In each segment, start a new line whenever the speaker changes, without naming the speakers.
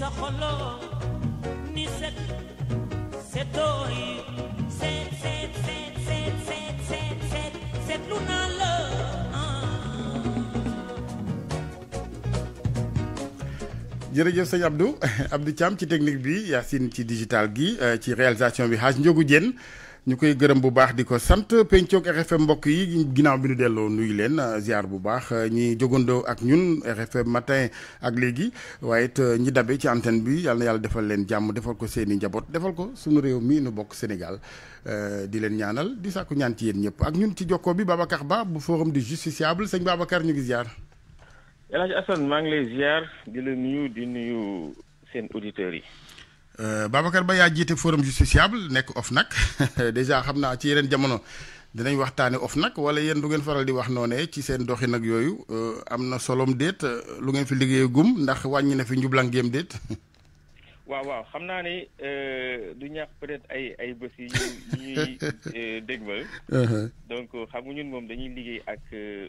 sa xolo ni set setooyi set set set set set set set setlu luna la ah.
jërëjëf sëñ Abdou Abdou Thiam ci technique bi Yacine ci digital gi euh, ci réalisation bi Hadj Ndiogou Diène ñu koy gërëm bu baax di ko sant pencoog RFM mbokk yi ginnaaw bi ñu delloo nuyu leen euh, ziar bu baax euh, ñi jogandoo ak ñun RFM matin ak léegi waaye it euh, ñi dabe ci antenne bi yàlla na yàlla defal leen jàmm defal ko seen i njaboot defal ko suñu réew mii nu bokk Sénégal di leen ñaanal di sàkku ñaan ci yéen ñëpp ak ñun ci jokkoo bi Babacar Ba bu forum du justiciable sëñ Babacar ñu ngi ziar.
El Hadj Assane maa ngi lay ziar di leen nuyu di nuyu seen auditeurs yi.
Euh, Babacar baye jité forum justiciable nek of nak déjà xamna ci yeneen jamono dinañ waxtaane nak wala yéen du ngeen faral di wax noné ci seen doxi nak yoyu euh, amna solom déet lu ngeen fi liggéey gum ndax wàññi na fi njublang gem déet.
waaw waaw
xam naa ni euh, du ñàkk peut-être ay ay bés yi ñuy dégmal. Uh-huh. donc xam nga ñun moom dañuy liggéey ak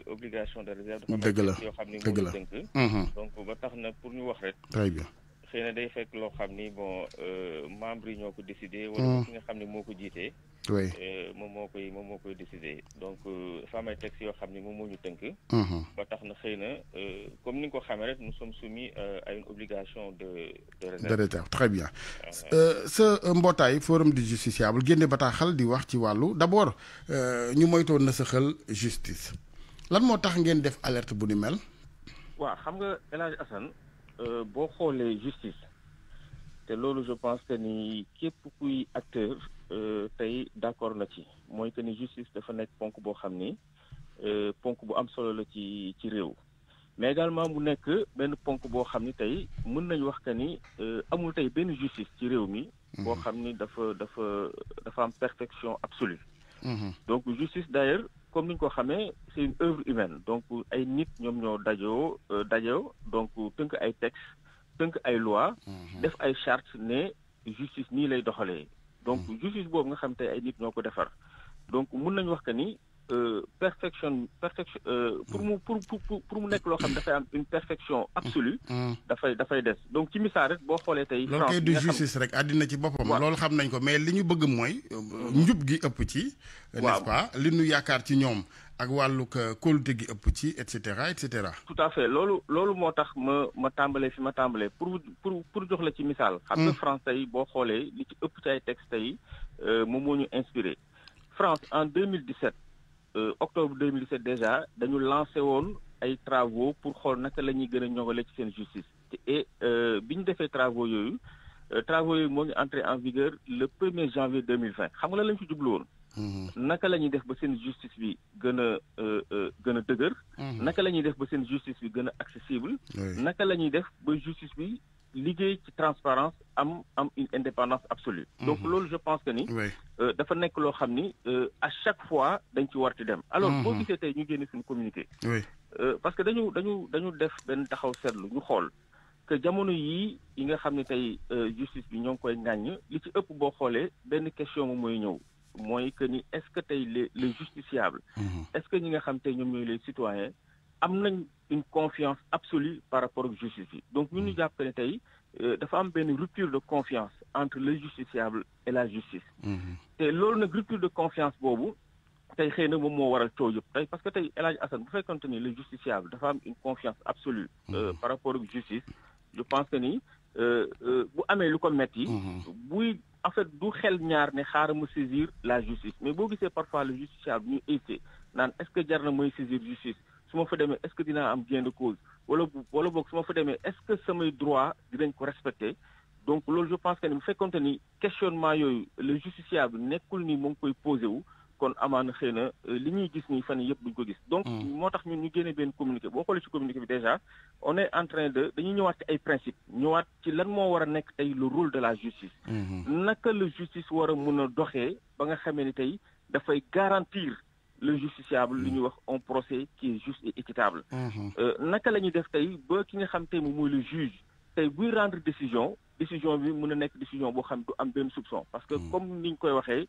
obligation de réserve. dëgg la dëgg la yoo xam ne moo dënk. Uh-huh. donc ba tax na pour ñu wax rek. très bien. xëy na day fekk loo xam ni bon euh, membre yi ñoo ko décidé. wala hmm. ki nga xam ne moo ko jiitee. oui euh, moom moo koy moom moo koy décidé donc dafa euh, am ay textes yoo xam ne moom moo ñu tënk. Hmm. ba tax na xëy na comme ni nga ko xamee rek nous sommes soumis à une obligation de de réserve. très bien.
Ah sa mbootaay forum du justiciable génne bataaxal di wax ci wàllu d' abord ñu moytoon na sa xel justice lan moo tax ngeen def alerte bu ni mel.
waaw xam nga El Hadj Assane. Euh, boo xoolee justice te loolu je pense que ni képp kuy acteur euh, tey d'accord na ci mooy que ni justice dafa nekk ponk bo xamni euh ponk bu am solo la ci ci réew mais également mu nek ben ponk bo xamni tay tey mën nañu wax que ni euh, amul tay ben justice ci réew mi mhm. bo xamni dafa dafa dafa am perfection absolue mhm. donc justice d'ailleurs comme nous le savons, c'est une œuvre humaine donc ay nit a ñoo euh, donc textes tant lois. Mhm. des chartes justice mhm. ni lay donc justice donc euh, perfection perfection euh, pour mu pour pour une perfection absolue. Mm, mm. donc ci misaal rek boo kay mais bëgg gi ce pas tout à fait ma ma pour pour pour mm. France li ci ëpp euh, inspiré France en 2017. Euh, octobre 2017 déjà dañu lancé des ay travaux pour voir comment nous ñuy gën justice et euh, bi ces travaux yooyu euh, travaux yooyu moo ngi entré en vigueur le 1er janvier 2020 xam nga mhm. la lañ naka lañuy def ba seen justice bi gëna gëna de dëgër mhm. naka lañuy def ba seen justice bi gëna accessible naka lañuy def ba justice bi liggéey ci transparence am am une indépendance absolue mhm. donc loolu je pense que ni euh, dafa nekk loo xam ni euh, à chaque fois dañ ci war ci dem alors mhm. boo gisee tey ñu génne suñu communiqué
euh,
parce que dañu dañu dañu def benn taxaw seetlu ñu xool que jamono yii yi nga xam ne tey justice bi ñoo ngi koy ŋàññ li ci ëpp boo xoolee benn question moom mooy ñëw mooy que ni est-ce que tey le justiciable mhm. est-ce que ñi nga xam tey ñoom ñooy les citoyens am une confiance absolue par rapport aux justice donc ñu ñu mm. jàpp ne tey euh, dafa am rupture de confiance entre le justiciable et la justice mm-hmm. Et loolu nag rupture de confiance boobu tey xëy na moom moo waral coow yëpp parce que tey El Hadj bu fekkonte ni le justiciable dafa am une confiance absolue euh, mm-hmm. par rapport aux justice je pense que ni euh, bu amee lu ko metti mm-hmm. en fait du xel ñaar ne xaaral ma saisir la justice mais boo gisee parfois le justiciable ñu été naan est-ce que jar na mooy saisir justice suma fa demee est-ce que dinaa am gain de cause wala wala boog su ma fa demee est-ce que samay droit dinañ ko respecté donc loolu je pense que ni bu fekkonte ni questionnement yooyu le justiciable nekkul ni mu ngi koy posé wu kon amaana xëy na euh, li ñuy gis nii fan yëpp duñ ko gis. donc hmm. moo tax ñun ñu génne benn communiqué boo xoolee ci communiqué bi déjà on est en train de dañuy ñëwaat ci ay principes ñëwaat ci lan moo war a nekk tey le rôle de la justice. Hmm. naka le justice war a mun a doxee ba nga xamee ni tey dafay garantir le justiciable l'univers en procès qui est juste et équitable mhm. euh, naka la ñuy def si vous ki nga le juge vous buy rendre décision décision bi mën a décision bo xam du am soupçon parce que mhm. comme niñ koy savez,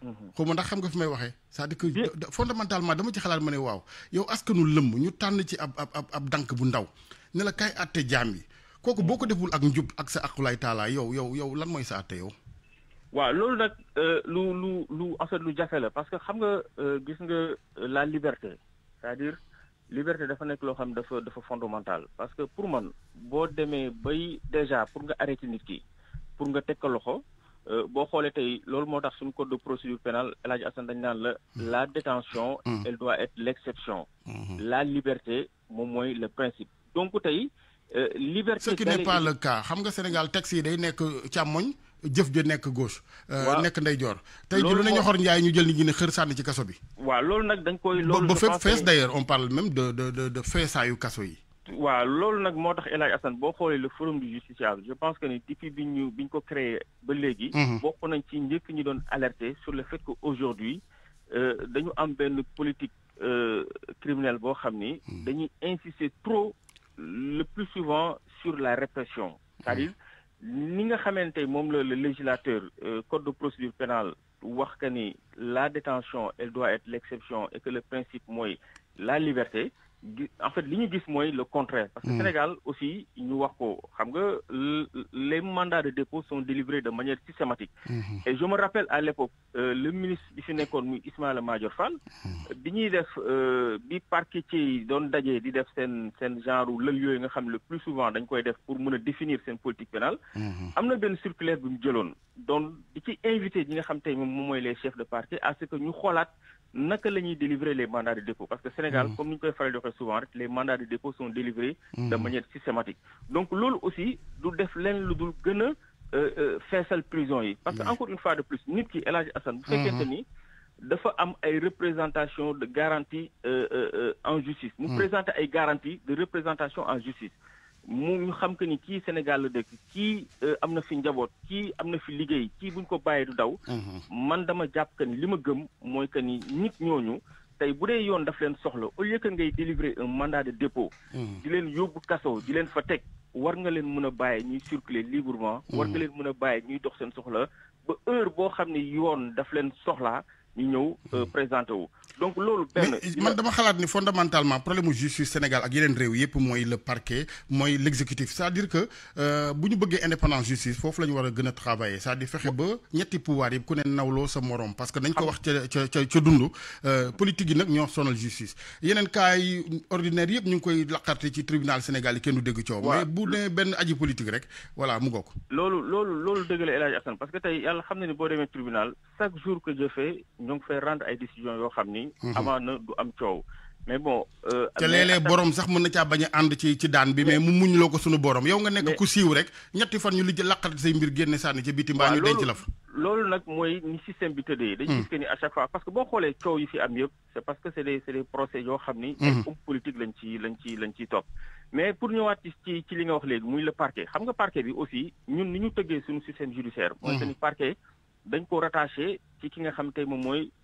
Mhm. xaw ma ndax xam nga fi may waxee c'est-à-dire que fondamentalement dama ci xalaat ma ne waaw yow askanu lëmm ñu tànn ci ab ab ab dànk bu ndaw ne la kaay àtte jaam yi kooku boo ko mhm. deful ak njub ak sa aqulaay taalaa yow yow yow lan mooy sa àtte yow
waaw loolu nag euh, lu lu lu en lu jafe la parce que xam nga euh, gis nga euh, la liberté cest à liberté dafa nekk loo xam dafa dafa fondamental parce que pour man boo demee bay déjà pour nga arrêter nit ki pour nga teg ko loxo Euh, boo xoolee tey loolu moo tax suñu code de procédure pénale El Hadj Assane dañ naan la hmm. la détention hmm. elle doit être l'exception hmm. la liberté moom mooy le principe donc tey euh, liberté
ce qui n'est pas le cas xam nga Sénégal taxi yi day nekk càmmoñ jëf ja nekk gauche euh, nekk ndeyjoor tey ji lu ne ñoxor njaay ñu jël nit ñi ne xër sànni ci kaso bi waaw loolu nag dañ koy loolu ba fépp fees d'ailleurs on parle même de de de de feesaayu kaso yi waaw
loolu nag moo tax boo le forum du justiciable je pense que ni depuis biñ ñu ko créé ba léegi. Mhm. bokk nañ ci sur le fait que aujourd'hui euh, dañu am benn politique euh, criminelle boo xam ni. Mhm. dañuy insister trop le plus souvent sur la répression. c'est-à-dire mhm. ni nga xamante moom le législateur euh, code de procédure pénale wax que ni la détention elle doit être l'exception et que le principe mooy la liberté en fait li ñu le contraire parce que hmm. Sénégal aussi ñu wax ko xam nga les mandats de dépôt sont délivrés de manière systématique hmm. et je me rappelle à l'époque euh, le ministre bi fi Ismaël Majorfan, a Madior Fall hmm. bi ñuy def euh, bi parquetier yi doon di def seen seen genre lël yooyu nga le plus souvent dañ pour définir seen politique pénale am na benn circulaire bi mu donc di invité ñi nga xam les chefs de parquet à ce que ñu xoolaat naka la ñuy délivrer les mandats de dépôt parce que Sénégal mmh. comme ni ñu koy faral souvent les mandats de dépôt sont délivrés mmh. de manière systématique donc loolu aussi du def leen lu dul gën a euh, euh, feesal prison parce que mmh. encore une fois de plus nit ki El Hadj Assane bu fekkente dafa représentation de garantie euh, en justice Nous présenter ay garantie de représentation en justice mu ñu xam que ni kii Sénégal la dëkk kii euh, am na fi njaboot kii am na fi liggéey kii buñ ko bàyyee du daw. Mhm. man dama jàpp que ni li ma gëm mooy que ni nit ñooñu tey bu dee yoon daf leen soxla au lieu que ngay délivrer un mandat de dépôt. Mhm. di leen yóbbu kaso di leen fa teg war nga leen mën a bàyyee ñuy circuler librement. war nga mhm. leen mën a bàyyi ñuy dox seen soxla ba heure boo xam ne yoon daf leen soxlaa ñu ñëw euh, présenté wu.
donc loolu benn man dama xalaat ni fondamentalement problème justice Sénégal ak yeneen réew yëpp mooy le parquet mooy l' exécutif c' est à dire que euh, bu ñu bëggee indépendance justice foofu la ñu war a gën a travailler c' est à dire fexe ba ñetti pouvoir yi ku ne nawloo sa morom parce que nañ ko wax ca ca ca dund euh, politique yi nag ñoo sonal justice yeneen cas yi ordinaire yëpp ñu ngi koy laqarte ci tribunal Sénégal yi kenn du dégg coow mais bu nee benn aji politique rek voilà mu goog
loolu loolu loolu dëgg la El Hadj Assane parce que tey yàlla xam na ni boo demee tribunal chaque jour que je fais ñu ngi rendre ay décisions yo xamni avant mhm. amaana du am coow. mais bon. euh té léeg borom sax
mëna na baña and ci ci daan bi mais mu muñ loo ko suñu borom yow nga nek ku siiw rek ñetti fan ñu lijjë laqal say mbir génné sànni ci biti mbaa ñu denc la fa.
loolu nag mooy ni système bi tëddee. dañ ci hmm. que ni à chaque fois parce que bo xolé coow yi fi am yépp c'est parce que c'est les c'est les procès yo xamni ni. Hmm. politique lañ ci lañ ci lañ ci top. mais pour ñëwaat ci ci li nga wax légui muy le parquet xam nga parquet bi aussi ñun ni ñu tëggee suñu système judiciaire. moy que ni parquet dañ ko rattaché ci ki nga xam tey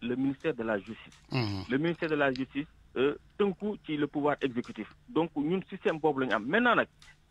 le ministère de la justice. Mhm. le ministère de la justice euh, tënku ci le pouvoir exécutif donc ñun système boobu problème. am maintenant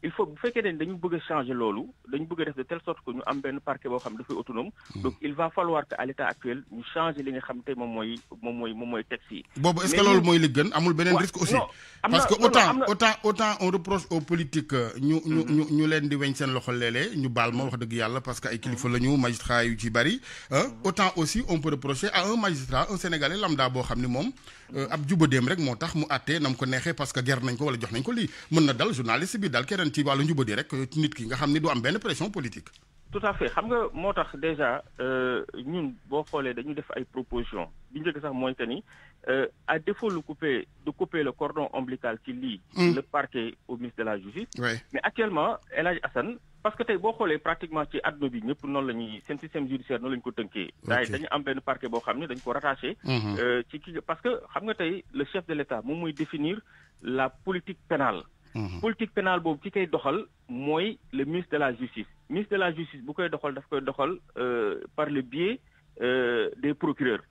il faut bu fekkee ne dañu bëgg a changer loolu dañu bëgg a def de telle sorte que ñu am benn parquet boo xam dafay autonome. Hmm. donc il va falloir que à l'état actuel ñu changer li nga xam te moom mooy moom mooy moom mooy texte yi. boobu est-ce que loolu mooy li
gën amul beneen risque aussi. parce que autant autant autant on reproche aux politiques euh, ñu ñu hmm. ñu ñu leen di weñ seen loxo léeg-léeg ñu baal ma wax dëgg yàlla parce que ay kilifa hmm. la ñu magistrat yu ci bari. Euh, autant aussi on peut reprocher à un magistrat un sénégalais lambda boo xam ni moom. Euh, ab Dem rek motax mu àttee nam ko nexé parce que ger nañ ko wala jox nañ ko li mën na dal journaliste bi dal keneen ci wàllu njubadi rek euh, nit ki nga xamni ni du am benn pression politique.
tout à fait xam nga motax déjà euh ñun bo xolé dañu def ay propositions bi njëkk sax mooy tani euh à défaut de couper de couper le cordon ombilical ci li hmm. le parquet au ministre de la justice. mais actuellement El Hadj Assane parce que tey boo xoolee pratiquement ci àdduna bi ñëpp noonu la ñuy seen système judiciaire noonu lañ ko tënkee. daay dañu am benn parquet boo xam ne dañu ko rattaché. Mhm. Euh, ci parce que xam nga tey le chef de l' état moom mooy définir la politique pénale. Mhm. politique pénale boobu ki koy doxal mooy le ministre de la justice. ministre de la justice bu koy doxal daf koy doxal euh, par le biais euh, des procureurs.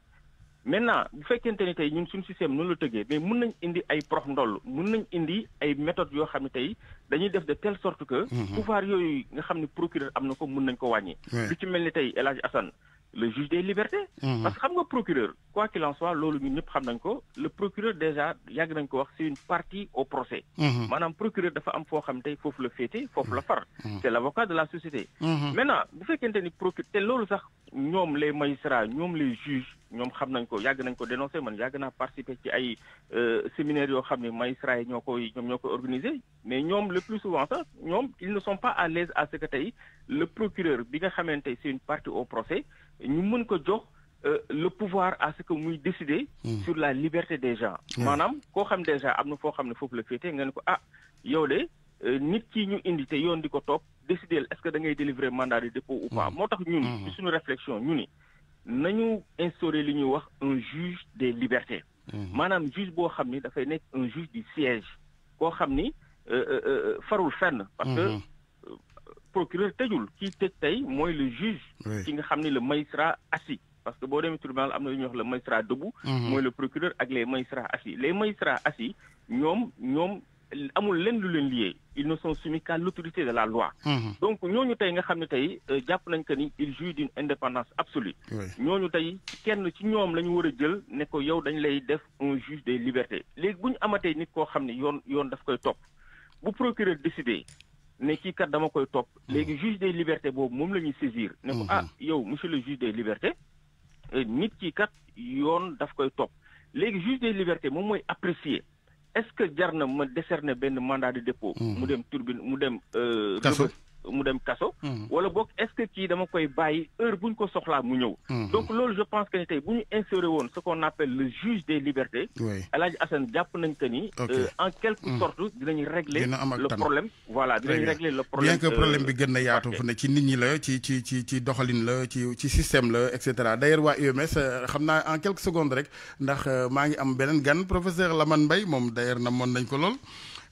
maintenant bu fekkente ni tey ñun suñu système noonu la tëggee mais mun nañ indi ay prox ndoll mun nañ indi ay méthodes yoo xam ne tey dañuy def de telle sorte que mhm. pouvoir yooyu nga xam ne procureur am na ko mun nañ ko wàññi lu ci mel ni tey El Hadj Assane le juge des libertés. Mhm. parce que xam procureur quoi qu'il en soit le le procureur déjà il c'est une partie au procès. Mhm. Madame procureur de faut le fêter, faut le la mhm. faire. c'est l'avocat de la société. maintenant bu qu'il ni procureur des procureurs Nous les magistrats sommes les juges nous xam nañ ko yàgg nañ ko dénoncer man yàgg naa participer ci ay euh, séminaires magistrats mais le plus souvent ils ne sont pas à l'aise à ce que dit. le procureur bi c'est une partie au procès ñu mën ko jox euh, le pouvoir à ce que muy décider hmm. sur la liberté des gens maanaam koo xam déjà am na foo xam ne foofu la féete nga ne ko ah yow de euh, nit ki ñu indi te yoon di ko décider est-ce que da ngay délivrer mandat de dépôt ou pas hmm. moo tax ñun hmm. ci suñu réflexion ñu ni nañu instaurer li ñuy wax un juge des libertés maanaam juge boo xam ni dafay nekk un juge du siège koo xam ni euh, farul fenn parce que procureur tëjul kii tëj tay moy le juge ki nga xamni le magistrat assis parce que bo demee tribunal amna ñu wax le magistrat debout moy mhm. le procureur ak les magistrats assis les magistrats assis ñom ñom amul lenn lu leen lié ils ne sont soumis qu'à l'autorité de la loi mhm. donc ñoñu tay nga xamni ne euh, japp nañ ko ni ils jouissent d'une indépendance absolue ñoñu tay kenn ci ñom lañu ñu jël ne ko yow dañ lay def un juge des libertés légui buñ ñu amatee nit koo xam ne yoon yoon daf koy top bu procureur décider ne kii kat dama koy top mm. légui juge des libertés bobu mom lañuy saisir ko mm-hmm. ah yow monsieur le juge des libertés euh, nit ki kat yoon daf koy top légui juge des libertés mom moy apprécier est-ce que jarna na ma décerner ben mandat de dépôt mm-hmm. mu dem turbine mu dem euh mu dem kaso. Hmm. wala bok est ce que kii dama koy bàyyi heure buñ ko soxla mu ñew hmm. donc loolu je pense que ni tey bu ñu au ce qu'on appelle le juge des libertés. oui a Hadj Assane jàpp nañ que ni. Euh, en quelque hmm. sorte dinañ régler. le problème
voilà dinañ régler le problème. bien que problème euh, bi gëna yaatu fu ne ci nit ñi la ci ci ci ci doxalin la ci ci système la etc. D'ailleurs, wa ailleurs waa euh, en quelques secondes rek ndax ma ngi am benen gan professeur Lamane Mbaye mom d'ailleurs d'ailleurs, mon nañ ko lool.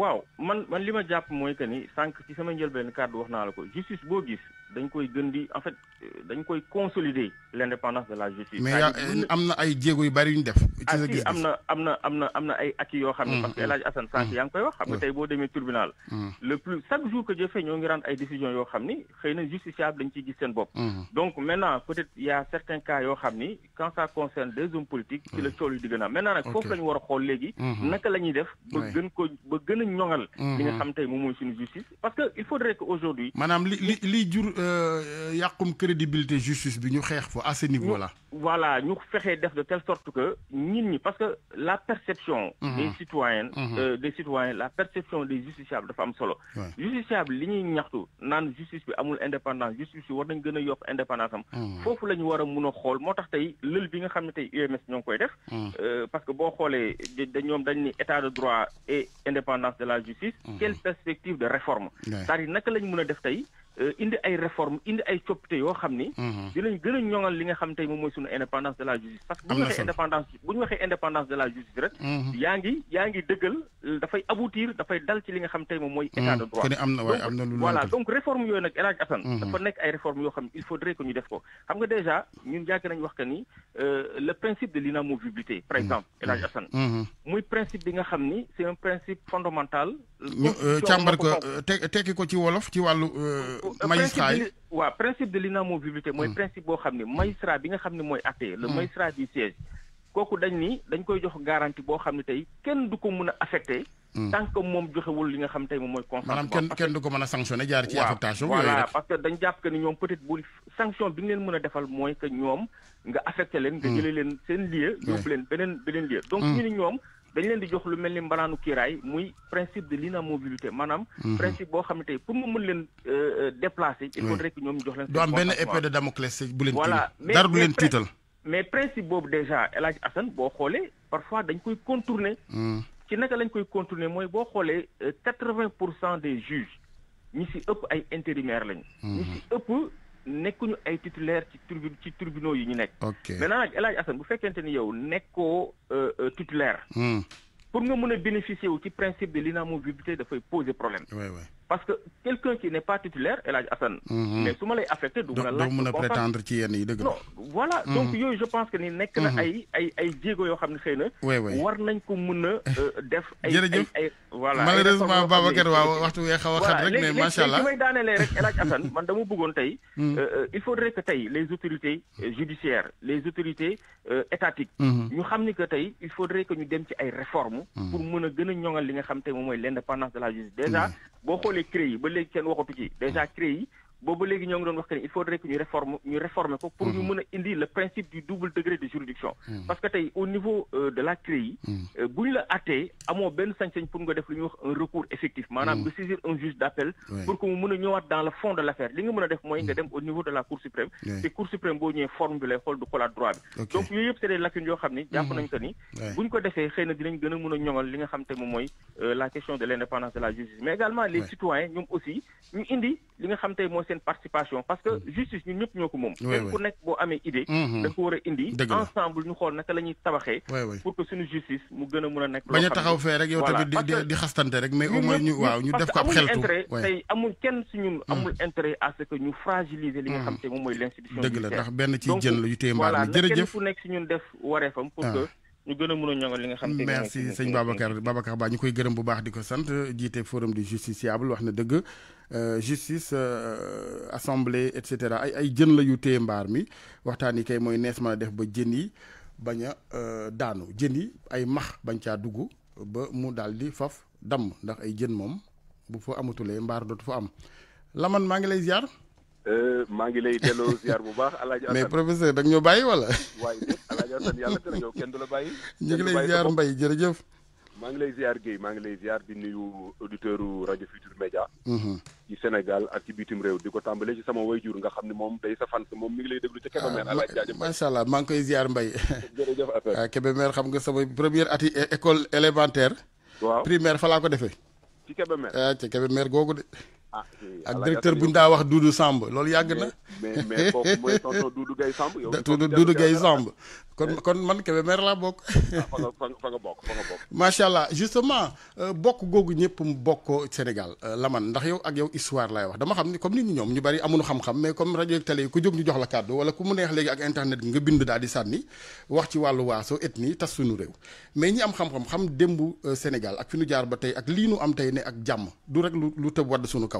waaw man man li ma jàpp mooy que ni sànq ci sama njëlbeen kàddu wax naa la ko justice boo gis dañ koy gën di en fait euh, dañ koy consolider l' indépendance de la justice. mais euh, am
na ay jéego yu bari yu ñu def. Ah, ci sa gis am na
am na am na am na ay acquis yoo xam ne. Mm, parce que El Hadj mm, Assane sànq mm. yaa ngi koy wax. xam nga tey boo demee tribunal. le plus chaque jour que je fais ñoo ngi rendre ay décisions yoo xam ni xëy na justiciable dañ ciy gis seen bopp. donc maintenant peut être y' a certains cas yoo xam ni quand ça concerne des hommes politiques. ci la tool yi di maintenant nag foofu la ñu war a xool léegi. Mm-hmm. naka la ñuy def ba gën ko ba gën a ñoŋal. li nga mm-hmm. xam tey moom mooy suñu justice parce que il faudrait que aujourd'hui
li li jur euh, yakum crédibilité justice bi ñu xex fo à ce niveau là.
voilà ñu fexé def de telle sorte que nit ñi parce que la perception. Mhm. des citoyens. Mhm. Euh, des citoyens la perception des justiciables dafa am solo. justiciable li ñuy ñaxtu nan justice bi amul indépendance justice war nañ gëna a indépendance am. Mhm. fofu lañu wara mëna a mun a xool moo tax tey bi nga xam tay UMS ñong koy def. Euh, parce que bon xolé da ñoom dañ ni état de droit et indépendance de la justice. quelle perspective de réforme. c'est-à-dire naka la mëna def tay euh, indi ay réforme indi ay coppite yoo xam ni. Mhm. dinañ gën a ñoŋal li nga xam tey moom mooy suñu indépendance de la justice. parce que bu ñu waxee indépendance bu ñu waxee indépendance de la justice rek. Mhm. yaa ngi yaa ngi dëggal euh, dafay aboutir dafay dal ci li nga xam tey moom mooy. état de mhm. droit am na waaye am na lu voilà donc réforme yooyu nag El Hadj Assane. dafa nekk ay réforme yoo xam ne il faudrait que ñu def ko xam nga déjà ñun yàgg nañ wax que ni euh, le principe de l'inamovibilité
par exemple El Hadj Hassan.
muy principe bi nga xam ni c'est un principe fondamental. ñu càmbar ko
tekki ko ci wolof ci wàllu. Euh, magistrat yi waaw principe de
l'inamovibilité mooy hmm. principe boo xam ne magistrat bi nga xam ne mooy atte le hmm. magistrat du siège kooku dañ ni dañ koy jox garantie boo xam ne tey kenn du ko mun a affecté hmm. tant que moom joxewul li nga xam tey moom mooy consentement
maanaam kenn a sanctionné jaar ci affectation voilà
parce que dañ jàpp que ni ñoom peut-être bu sanction bi nga leen mën a defal mooy que ñoom nga affecté leen nga jëlee leen seen lieu yóbbu leen beneen beneen lieu donc ñu ni ñoom dañ leen di jox lu mel ni mbaraanu kiiraay muy principe de mobilité maanaam. Mhm. Mhm. principe boo xam ne tey pour mu mën leen euh, euh, déplacer. il faut rek ñoom jox leen. seen du am benn épée de
Damoclès bu leen. voilà dara du leen tiital.
mais principe boobu déjà El Hadj Assane boo xoolee parfois dañ koy contourner. Hmm. ci naka lañ koy contourner mooy boo xoolee euh, quatre-vingt pour cent des juges ñi si ëpp ay intérimaires lañ hmm. ñi si ëpp nekkuñu ay titulaire ci tribune ci tribunaux yi ñu nekk. ok maintenant nag El Hadj Assane bu fekkente ni yow nekkoo euh, euh, titulaire. Hmm. pour nga mën a bénéficier wu ci principe de l'inamovibilité dafay poser problème. Ouais, ouais parce que quelqu'un qui n'est pas titulaire Eladj Hadj mhm. mais su ma lay affecté. Donc, Donc a peut prétendre ci
y yi non
voilà mhm. donc je pense que ni nekk na mhm. ay ay ay jéego yoo xam ne xëy na. war nañ ko mun euh, voilà malheureusement Babacar waaw waxtu
wee xaw xat rek. mais MashaAllah. allah may
daanelee rek El Hassan, man dama bëggoon euh, euh, il faudrait que tay les autorités judiciaires les autorités étatiques. ñu xam que tay il faudrait que ñu dem ci ay réformes. pour que gëna ñongal li nga xam tay moom l'indépendance de la justice déjà boo xoolee créé beli ba léegi kenn waxatu ci dèjà boobu léegi ñoo ngi doon wax que ne il faudrait que ñu réforme ñu réformer ko pour ñu mhm. mën a indi le principe du double degré de juridiction mhm. parce que tey au niveau euh, de la CREI mhm. euh, bu ñu la attee amoo benn sañ-sañ pour nga def lu ñuy wax un recours effectif maanaam nga saisir un juge d' appel pour que mu mën a ñëwaat dans le fond de l' affaire li nga mën a def mooy nga dem au niveau de la cour suprême te cour suprême boo ñëwee forme bi lay xool du xoolaat droit bi donc yooyu yëpp c' est des lacunes yoo xam ni jàpp nañ que ni buñ ko defee xëy na dinañ gën a mën a ñoŋal li nga xam te moom mooy euh, la question de l' indépendance de la justice mais également les citoyens ñoom aussi ñu indi li nga xam tey mooy seen participation parce que mm-hmm. justice ñun ñëpp ñoo ko moom même ku nekk boo amee idée mm-hmm. da ko war a indi ensemble ñu xool naka la ñuy tabaxee pour que suñu justice mu gën a mën a nekk bañ a taxaw fee rek yow tamit di
di xastante rek mais au moins ñu waaw ñu def ko ab xeltu intérêt tey
amul kenn suñu mm-hmm. amul intérêt à ce que ñu fragiliser li nga xam te moom mooy l'institution dëgg la ndax benn ci jën la yu téye mbaal mi jërëjëf voilà kenn ku nekk si ñun def wareefam pour ah. que merci Babacar
Babacar Ba ñukoy gëreum bu baax diko sante forum du justiciable waxna euh, justice euh, assemblée et cetera ay ay de yu avons mi waxtaan kay moy nees def ba yi euh, daanu ay max bañ ba mu faf ndax ay bu laman ma ngi lay ziar. ma
ngi lay ziar bu baax. mais professeur yaa sant yàlla te nag yow ngi
lay ziar Mbaye jërëjëf.
maa ngi lay ziar Guèye maa ngi di nuyu auditeur u rajo Futur Média. Mhm. ci Sénégal ak ci bitim réew di ko tàmbalee ci sama wayjur nga xam ne moom day sa fan moom mi ngi lay déglu ca Kébémer ah, alaaj jaajëf
macha allah maa ngi koy ziar Mbaye. jërëjëf affaire ah, Kébémer xam nga sama première ati école élémentaire. waaw primaire fa laa ko defee. ci Kébémer ah googu de. Ah, ak directeur bu ñu wax Doudou Samb loolu yàgg na. mais mais kooku mooy tonton Doudou Guèye Samb. yow Doudou Guèye Samb kon kon man Kébémer laa bokk. Ah, fa nga fa nga bokk fa nga bokk. macha justement euh, bokk googu ñëpp mu bokkoo Sénégal euh, man ndax yow ak yow histoire lay wax dama xam ni comme nit ñi ñoom ñu bari amuñu xam-xam mais comme rajo ak télé yi ku jóg ñu jox la kàddu wala ku mu neex léegi ak internet nga bind daal di sànni wax ci wàllu waaso ethnie tas suñu réew mais ñi am xam-xam xam démbu euh, Sénégal ak fi ñu jaar ba tey ak lii nu am tey ne ak jàmm du rek lu lu tëb wadd suñu kaw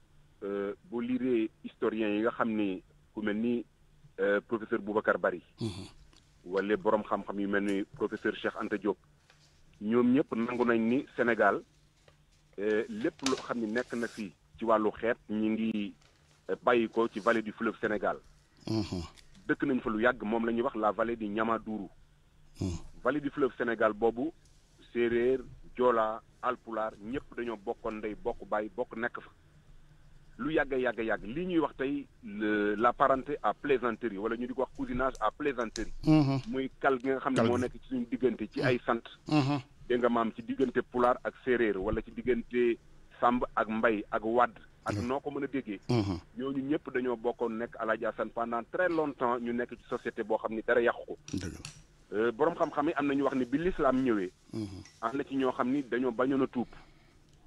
Euh, boo liiree historien yi nga xamné ni ku mel ni euh, professeur Boubacar Bari mhm. wala borom xam-xam yu melni professeur Cheikh Anta Diop ñom ñëpp nangu nañ ni Sénégal euh, lépp loo xamni ni na fi ci walu xéet ñi ngi bayiko ci vallée du fleuve Sénégal mhm. dëkk nañ fa lu yag mom la wax la vallée di hmm vallée du fleuve Sénégal Bobu Sérère joola Alpular ñëpp dañu bokkoon ndey bokk bàyyi bokk nek fa lu yàgg a yàgg a yàgg lii ñuy wax tey la parenté à plaisanterie wala ñu di ko wax cousinage à plaisanterie. Mm-hmm. muy kal gi nga xam ne moo nekk ci suñu diggante ci ay sant. Mm-hmm. dégg nga maam ci diggante pulaar ak séeréer wala ci diggante samb ak mbay ak wadd ak mm-hmm. noo ko mën a déggee. ñooñu ñëpp dañoo bokkoon nekk Alaaji Asan pendant très longtemps ñu nekk ci société boo xam ni dara yàqu ko. Euh, borom xam-xam yi am na ñu wax ni bi lislaam ñëwee. am na ci ñoo xam ni dañoo bañoon a tuub.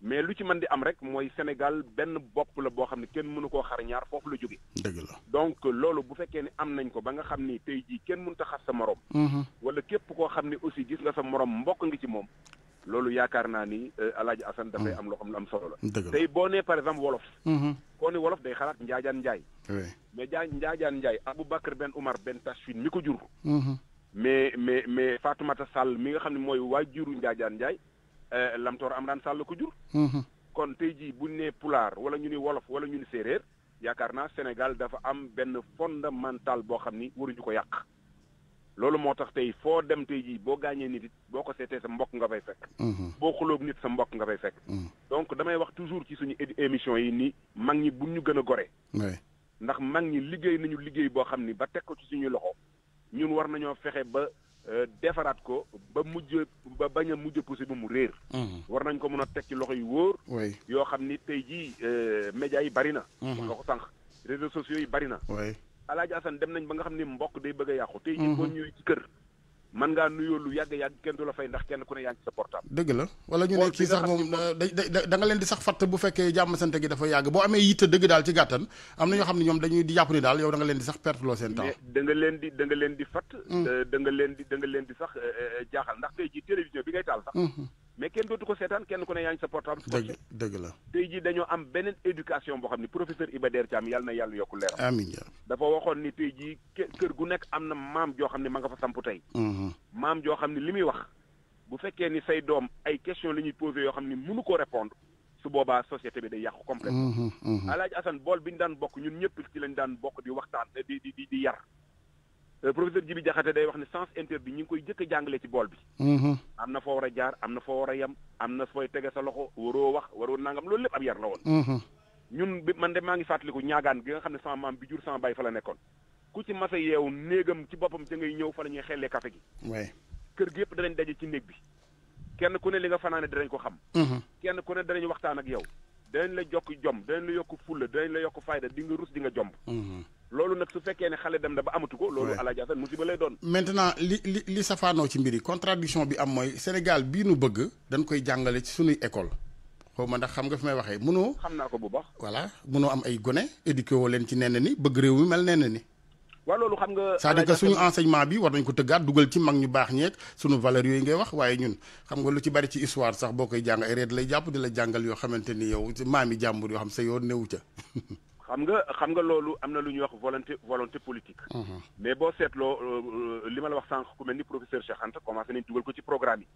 mais lu ci mën di am rek mooy Sénégal benn bopp la boo xam ne kenn mënu koo xar ñaar foofu la jóge donc loolu bu fekkee ne am nañ ko ba nga xam ni tey jii kenn mënut ta xas sa morom. Mhm. wala képp koo xam ne aussi gis nga sa morom mbokk ngi ci moom. loolu yaakaar naa ni El euh, Hadj Assane dafay mhm. am loo xam ne am solo la. tey boo nee par exemple wolof. Mhm. koo ne wolof day xalaat Njaajaan Njaay. mais jaa Njaajaan Njaay benn Ben Oumar Ben Tachfine mi ko jur. mais mais mais Fatoumata Sall mi nga xam ne mooy waajuru Njaajaan Njaay. Euh, Lamtoor Amran Sall ko jur. Mhm. kon tey jii buñ nee pulaar wala ñu ni wolof wala ñu ni séeréer yaakaar naa Sénégal dafa am benn fondamental boo xam ni waruñu ko yàq. loolu moo tax tey foo dem tey jii boo gaañee nit it boo ko seetee sa mbokk nga fay fekk. Mhm. boo xulóog nit sa mbokk nga fay fekk. Mhm. donc damay wax toujours ci suñu émission yi ni mag ñi buñ ñu gën a gore. ndax mag ñi liggéey nañu liggéey boo xam ni ba teg ko ci suñu loxo ñun war nañoo fexe ba. Euh, defaraat ko ba mujj ba bañ a mujj poussé ba mu réer. Mhm. war nañ ko mën a teg ci loxo yu wóor. yoo xam ni tey jii euh, médias yi bari na. Mhm. nga ko sànq réseaux sociaux yi bari na. Alaaji Assane dem nañ ba nga xam ni mbokk day bëgg yàqu. Mhm. tey jii boo ñëwee ci kër. man ngaa nuyoo lu yàgg yàgg kenn du la fay ndax kenn ku ne yaa
sa portable. dëgg la wala ñu ne kii sax moom da da nga leen di sax fatt bu fekkee jàmm sante gi dafa yàgg boo amee yitte dëgg daal ci gàttan am na ñoo xam ne ñoom dañuy di jàpp ni daal yow da nga leen di sax perte loo seen temps.
mais nga leen di da nga leen di fatt. Mm. Euh, da nga leen di da leen di sax euh, euh, jaaxal ndax tey jii télévision bi ngay taal sax. Mm-hmm. mais kenn dootu ko seetaan kenn ku ne yaa ngi sa portable. dëgg dëgg la tey jii am beneen éducation boo xam ni professeur Iba Der Thiam yàlla na yàlla yokk leeram. amiin dafa waxoon ni tey jii kër gu nekk am na maam joo xam ne ma nga fa sampu tey. Mm-hmm. maam joo xam ne li muy wax. bu fekkee ni say doom ay question la ñuy posé yoo xam ne mënu ko répondre su boobaa société bi day yàqu complètement. Mm-hmm, mm-hmm. Alaaji Assane bool bi ñu daan bokk ñun ñëpp ci lañ daan bokk di waxtaan di di di Euh, professeur Djibi Diakhaté day wax ne sens interdit ñu ngi koy jëkk a jàngale ci bool bi. Mm-hmm. am na foo war a jaar am na foo war a yem am na fooy tege sa loxo waroo wax waroo nangam loolu lépp ab yar la woon. Mm-hmm. ñun bi man de maa ngi fàttaliku ñaagaan gi nga xam ne sama maam bi jur sama baay fa la nekkoon ku ci mas a yeewu néegam ci boppam da ngay ñëw fa la ñuy xellee café gi. kër gi yëpp danañ daje ci néeg bi kenn ku ne li nga fanaane danañ ko xam. Mm-hmm. kenn ku ne danañ waxtaan ak yow danañ la la yokk fulla danañ la yokk fayda di nga loolu nag su fekkee ne xale dem na ba amatu ko. loolu alaaji Assane musiba lay doon.
maintenant li li li safaanoo ci mbir yi contradiction bi am mooy Sénégal bii nu bëgg dañ koy jàngale ci sunuy école xawma ndax xam nga fi may waxee mënoo. xam naa ko bu baax. voilà mënoo am ay gone éduqué woo leen ci nenn ni bëgg réew mi mel nenn ni.
waaw loolu xam nga. ça à dire que suñu
enseignement bi war nañ ko tëggaat dugal ci mag ñu baax ñeeg suñu valeurs yooyu ngay wax waaye ñun xam nga lu ci bari ci histoire sax boo koy jàng ay reet lay jàpp di la jàngal yoo xamante ni yow maami jàmbur yoo xam sa yoon newu ca
xam nga xam nga loolu am na lu ñuy wax volonté volonté politique. Mhm. mais boo seetloo euh, euh, li ma la wax sànq ku mel ni professeur Cheikh Anta commencé nañ dugal ko ci programme yi.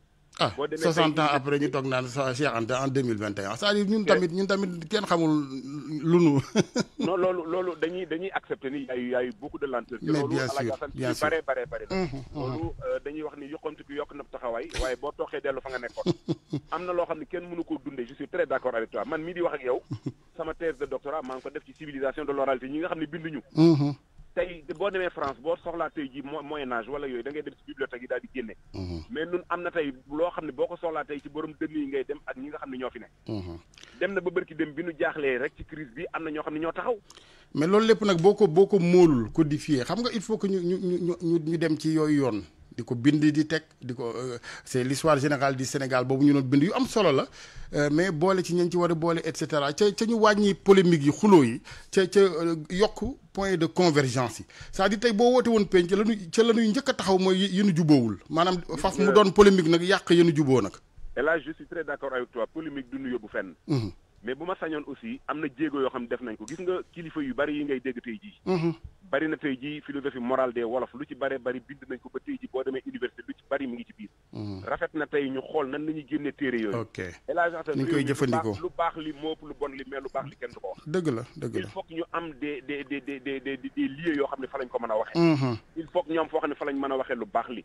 ah 60 ans après ñu toog naan Cheikh Anta en 2021 c'est-à-dire ñun eh. tamit ñun tamit kenn xamul lu nu. non loolu loolu dañuy dañuy accepté ni yaay yaay beaucoup de lenteur. mais bien
sûr bien sûr loolu bare bare mhm, mhm. loolu euh, dañuy wax ni yokkamti ku yokk na taxawaay waaye boo tooxee dellu fa nga nekkoon. am na loo xam ne kenn mënu ko dundee je suis très d'accord avec toi man mii di wax ak yow. sama thèse de doctorat civilisation de l'oralité France bibliothèque mais nun am na ne crise
il faut que ñu ñu ñu ñu dem diko bindi di tek diko euh, c'est l'histoire générale du Sénégal bobu ñu doon bind yu am solo la euh, mais boole ci ñañ ci wara boole et cetera ca ca ñu wañi polémique yi xulo yi ca ca euh, yokk point de convergence yi c'est-à-dire tey boo woote woon penc ca la ñuy ca la ñuy njëkk taxaw moy yéen jubóowul manam fas mu doon polémique nak yak yéen jubo nak
et là je suis très d'accord avec toi polémique du ñu yobu fenn. Hum. mais bu ma sañoon aussi am na jéego yoo xam ne def nañ ko gis nga kilifa yu bari yi ngay dégg tey jii mhm. bari na tey jii philosophie morale des wolof lu ci bari bari bind nañ ko ba tey jii boo demee université lu ci bari mu ngi ci biir mhm. rafet na tey ñu xool nan nañuy génne téere yooyu ok élagenta ni koy jëfandikoo lu baax li moo ëpp lu bon li mais lu baax li kenn du ko wax
dëgg la dëgg la il faut
que ñu am des des des des des des yoo xam ne fa lañ ko mën a waxee mhm. il faut que ñu am foo xam ne fa mën a waxee lu baax li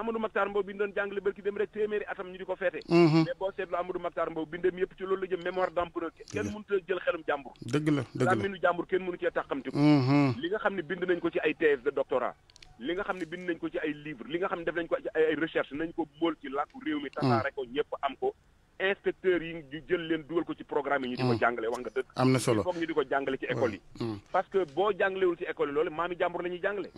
Amadou Mactar Mbow bi ñu doon jàngale barki dem rek téeméeri atam ñu di ko feete mhm. mais boo seetlu Amadou Mactar Mbow bindam yëpp ci loolu la jëm mémoire d'emprunt kenn mënut a jël xelum jàmbur
dëgg la dëgg la minu
jàmbur kenn mënu cee tàqamti ko mhm. li nga xam ne bind nañ ko ci ay thèse de doctorat li nga xam ne bind nañ ko ci ay livre li nga xam ne def nañ ko ay recherche nañ ko bool ci làkku réew mi mhm. tasaare ko ñëpp am ko inspecteurs yi ñu jël leen dugal ko ci programme yi ñu di ko mm. jàngale wax nga dëgg am na solo foog ko jàngale ci école yi mm. Mm. parce boo jàngalewul ci école yi loolu maami jàmbur mm-hmm. la ñuy jàngale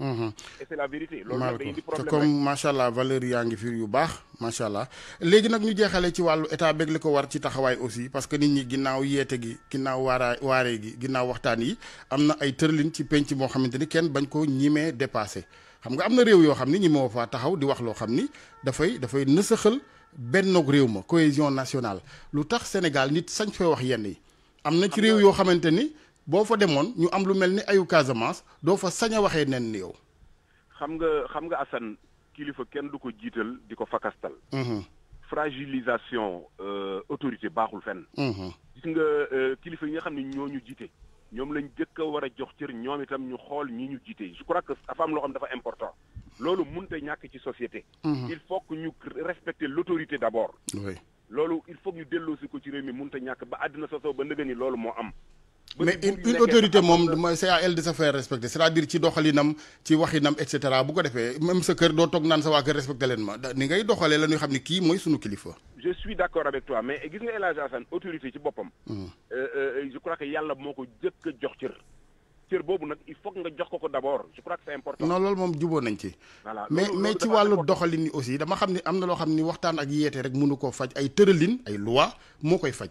et comme macha
allah valeur yaa ngi fi yu baax macha allah léegi nag ñu jeexale ci wàllu état bég ko war ci taxawaay aussi parce que nit ñi ginnaaw yeete gi ginnaaw waara waaree gi ginnaaw waxtaan yi am na ay tërlin ci penc moo xamante ni kenn bañ ko ñimee dépassé xam nga am na réew yoo xam ni ñi moo faa taxaw di wax loo xam ni dafay dafay nësaxal Ben réew ma cohésion nationale lu tax Sénégal nit sañ fee wax yenn yi am na ci réew yoo xamante ni boo fa demoon ñu am lu mel ni ayu Casamance doo fa sañ a waxee nen ni yow
xam nga xam nga Assane kilifa kenn du ko jiital di ko fakastal mhm. fragilisation euh, autorité baaxul fenn mhm. gis nga euh, kilifa yi nga xam ne ñoo ñu jiite ñoom lañ jëkk a war a jox cër ñoom itam ñu xool ñi ñu jiite je crois que dafa am loo xam dafa important loolu mënut a ñàkk ci société. Mhm. il faut que ñu respecter l'autorité d'abord. loolu il faut que ñu delloosi ko ci réew mi mënut a ñàkk ba àddina sosoo ba ndëgë ni loolu moo am
mais une une autorité mom c'est à elle de se faire respecter c'est-à-dire ci doxalinam ci waxinam et cetera bu ko defé même sa cœur do tok nan sa wa kër respecter len ma ni ngay doxalee la ñu xamni ki moy suñu kilifa.
je suis d'accord avec toi mais gis nga El Hadj Assane autorité ci bopam mm. euh euh je crois que yàlla moko ko jëkk jox cër. ciir bobu nak il faut nga jox ko ko d'abord je crois que c'est important.
non lol mom juboo nañ ci. mais mais ci walu doxalin yi aussi dama xamni amna lo xamni waxtan ak yété rek mënu ko faj ay tëralin ay loi mo koy faj.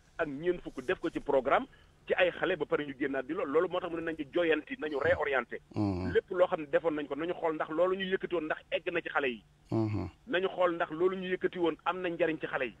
ak ñeent fukk def ko ci programme ci ay xale ba pare ñu génnaat di loolu loolu moo tax mu ne nañu joyanti nañu réorienté mm-hmm. lépp loo xam ne defoon nañ ko nañu xool ndax loolu ñu yëkkati woon ndax egg na ci xale yi mm-hmm. nañu xool ndax loolu ñu yëkkati woon am na njariñ ci xale yi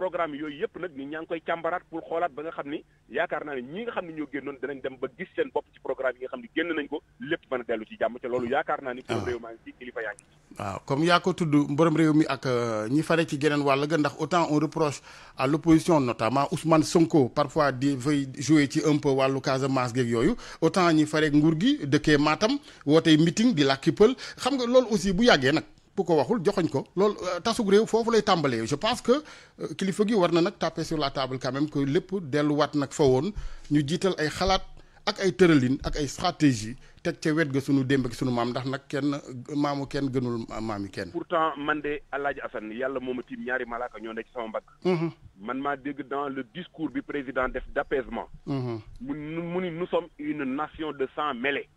programme yooyu yëpp nag ñi ñaa ngi koy càmbaraat pour xoolaat ba nga xam ni yaakaar naa ne ñi nga xam ne ñoo génnoon danañ dem ba gis seen bopp ci programme yi nga xam ne génn nañ ko lépp mën a dellu ci jàmm te loolu ah. yaakaar naa ni borom ah. réew maa ngi
ci yaa ko tudd borom réew mi ak euh, ñi fare ci geneen wàll ga ndax autant on reproche à l'opposition notamment Ousmane Sonko parfois di fay jouer ci un peu wàllu Casamance geeg yooyu autant ñi fare nguur gi dëkkee Matam wootee meeting di làkki pël xam nga loolu aussi bu yàggee nag bu waxul joxoñ ko lol euh, tasug rew fofu lay tambalé je pense que euh, kilifa gi warna nak taper sur la table quand même que lépp delluwaat nag fa woon ñu jital ay xalat ak ay tëralin ak ay stratégie tek ci wet ga suñu demb ak suñu mam ndax nak kenn mamu kenn gënul maam kenn.
pourtant man de El Hadj Assane yàlla moom a ñaari malaka ñoo nekk ci sama mbagg. Mm-hmm. man ma dégg dans le discours bi président def d'apaisement apaisement. Mm-hmm. mu ni nous sommes une nation de sang mêlé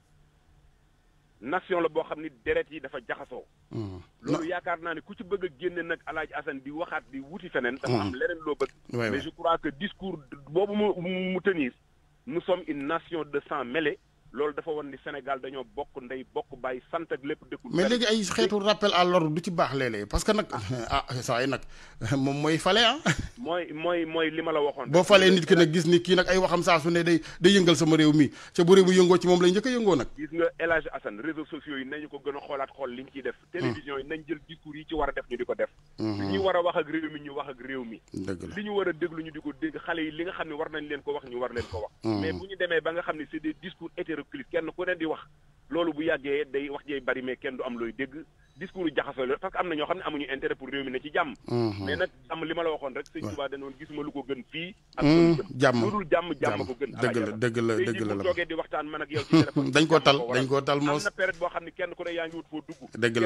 nation la bo xamni ni deret yi dafa jaxasoo. Hmm. loolu yaakaar naa ni ku ci bëgg a nak nag Alaaji Assane di waxaat di wuti feneen. dafa hmm. am leneen lo bëgg. mais je crois que discours bobu mu tenir nous sommes une nation de sang mêlé. loolu dafa wan ni Sénégal dañoo bokk ndey bokk bàyyi sant
ak lépp dëkkul. mais léegi ay xeetu rappel à l'ordre du ci baax léeg parce que nag ah saa yi nag moom mooy fale ah.
mooy mooy li ma la waxoon. boo falee nit ki nag
gis ni kii nag ay waxam saa su ne day day yëngal sama réew mi ca bu réew mi yëngoo ci moom lay njëkk a yëngoo nag.
gis nga El Hadj Assane sociaux yi nañu ko gën a xoolaat xool liñ ciy def. Mm. télévision yi nañ jël discours yi ci war a def ñu di ko def. Mm-hmm. li ñu war ñu war a déglu ñu di ko dégg xale yi li nga xam ne leen ko wax ñu war leen ko wax mm. mais bu ñu ne recul kenn ku ne di wax loolu bu yàggee day wax jey bari mais kenn du am looy dégg discours yu jaxasoo la parce que am na ñoo xam ne amuñu intérêt pour réew mi ne ci jàmm. Mhm. mais nag am li ma la waxoon rek. waaw sëñ Tuubaa danoon gisuma lu ko gën fii. Mhm. jàmm lu dul jàmm jàmm ko gën. dëgg la dëgg la dëgg la la toogee di waxtaan man ak yow ci téléphone. dañ ko tal dañ ko tal moos am na période boo xam ne kenn ku ne yaa ngi wut foo dugg. dëgg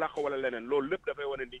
la wala leneen loolu lépp dafay wane ni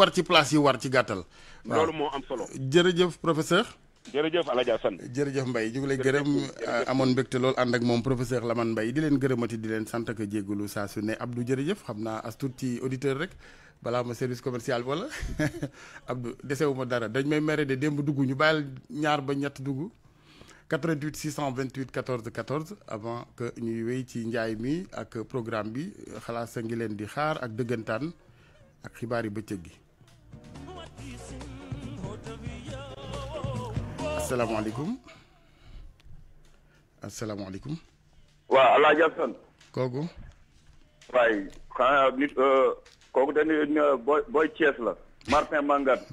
war ci place yi war ci gatal lolu mo am solo jerejeuf professeur. jerejeuf El Hadj jerejeuf mbay Mbaye lay gërem amone mbekté lool and ak mom professeur Lamane mbay di len gërëmati di len sante ke sa su ne Abdou jerejeuf xamna as ci auditeur rek bala ma service commercial wala Abdou déssewuma dara dañ may méré de demb duggu ñu bàyyil ñaar ba ñatt duggu 88 628 14 14 avant que ñuy wéy ci njaay mi ak programme bi xalaat sa leen di xaar ak dëggantaan ak xibaar asalaamaaleykum asalaamaaleykum.
waaw El Hadj Assane. kooku. waaye xanaa nit euh, kooku dañuy boy boy Thiès la. Martin Mangane.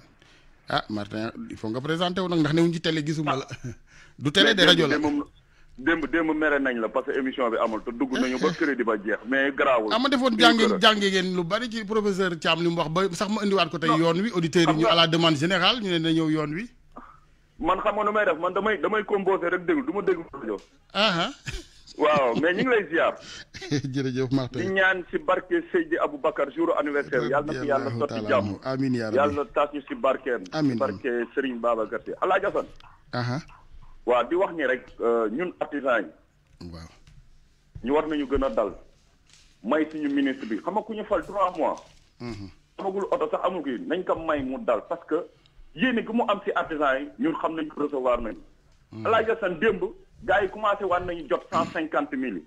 ah Martin il faut nga présenté wu nag ndax newuñ ci télé gisuma la. Ah. du télé de rajo la.
démb démb mere nañ la parce que émission bi amul te dugg nañu ba crédit ba jeex mais garaawul. ah ma defoon jàng
jàng ngeen lu bari ci professeur Thiam li mu wax ba sax ma indiwaat ko tey yoon wi. auditeurs yi ñu à la demande générale man xam may damay damay
rek déglu du ma déglu ah, ah. waaw mais ñu ngi lay ziar.
jërëjëf Martin di
ñaan si barke Seydi Aboubacar jour anniversaire yàlla na fi yàlla sotti jàmm
amiin yaa rabbi yàlla
tas ñu si barkeem. amiin si barke Serigne Babacar Sy El waa di wax ni rek euh, ñun artisan yi. ñu war nañu gën a dal may suñu ministre bi xam nga ku ñu fal trois mois. Mhm. amagul oto sax amul kii nañ ko may mu dal parce que yéene gi mu am si artisan yi ñu xam nañ ko recevoir nañu. Mhm. Alaaji San démb gars yi commencé waan nañu jot cent cinquante mille.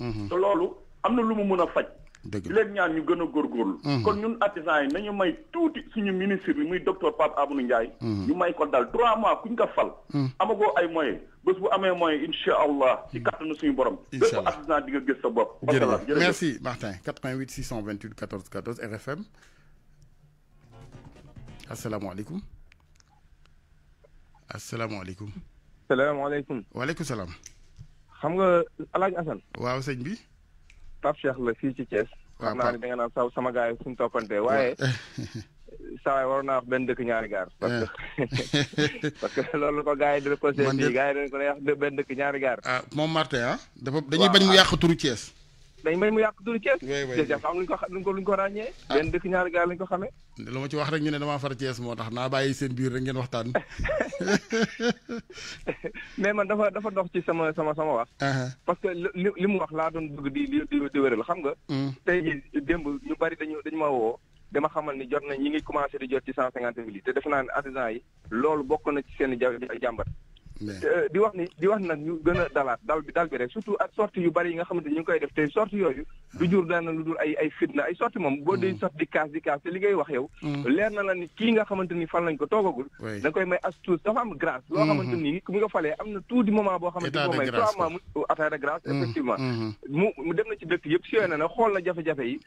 Mhm. te loolu am na lu mu mën a faj. di leen ñaan ñu gën góor góorgóorlu kon ñun artisans yi nañu may tuuti suñu ministre bi muy docteur Pape Abdou Ndiaye ñu may ko daal trois mois kuñ ko fal amagoo ay moyens bés bu amee moyen incha allah ci kattanu suñu borom bépp artisan di nga gis sa bopp jërëjëf
merci Martin 88 628 14 14 RFM asalaamaaleykum asalaamaaleykum
salaamaaleykum
waaleykum salaam xam nga alaaj Assane waaw sëñ bi Pape
Cheikh la fii ci Thiès. waaw xam naa ne da nga saw sama gars yi suñu toppantee waaye. saa yi waroon naa wax benn dëkk ñaari gaar. parce que loolu ko gars yi di ko. man de gars yi dañ ko wax benn dëkk ñaari gaar. ah
moom Martin ah. dafa dañuy bañ mu ah. yàq turu Thiès.
dañ may mu yàq turu Thiès. Thiès dafa am lu ñu ko ràññee. Ah. benn dëkk ñaar gaal lañ ko xamee.
lu ma ci wax rek ñu ne damaa far Thiès moo tax naa bàyyi seen biir rek ngeen waxtaan.
mais man dafa dafa dox ci sama sama sama wax. Uh-huh. parce que li li mu wax laa doon bëgg di di di wéral xam nga. Mm. te démb ñu bari dañu dañ ma woo. dama xamal ni jot nañ ñu ngi commencé di jot ci cent cinquante mille te def naa ne artisan yi. loolu bokk na ci seen i jàmbat. Euh, di wax ni di wax nag ñu gën a dalaat dal bi dal bi rek surtout ak sortie yu bari yi nga xamante ñu ngi koy def te sortie yooyu du jur dana lu dul ay ay fitna ay sortie moom boo dee mm. sortie di kaas di kaas te li ngay wax yow mm. leer na la ni kii nga xamante ni fal nañ ko toogagul da koy may as tuus dafa am grâce loo mm-hmm. xamante ni mu nga falee am na tuuti moment boo xamante ni ko may trois mois mu état euh, mm-hmm. mm-hmm. dem na ci dëkk yëpp siwee na na xool na jafe-jafe yi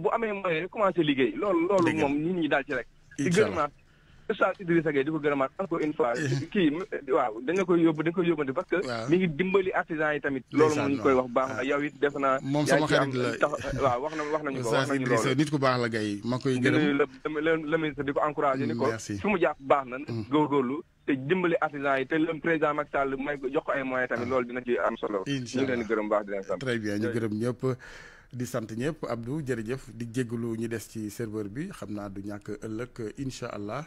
bu amee moyen commencé liggéey loolu loolu moom nit ñi daal ci rek Oustaz Idrissa Gueye di ko gërëmaat encore une fois eh. kii waaw dañ la koy yóbbu yóbbante parce que mi ngi dimbali artisan yi tamit loolu mu ngi koy wax baax na yow it def waaw
wax na wax nañu ko wax baax la Gueye ma koy gërëm
le ministre di ko encouragé ni ko fi mu jàpp baax na mm. góorgóorlu te dimbali artisan yi te le président Macky Sall may jox ko ay moyens tamit ah. loolu dina ci am solo leen di gërëm baax di leen sant bien ñu gërëm
ñëpp di sant ñëpp Abdou jërëjëf di jégalu ñu des ci serveur bi xam naa du ñàkk ëllëg incha allah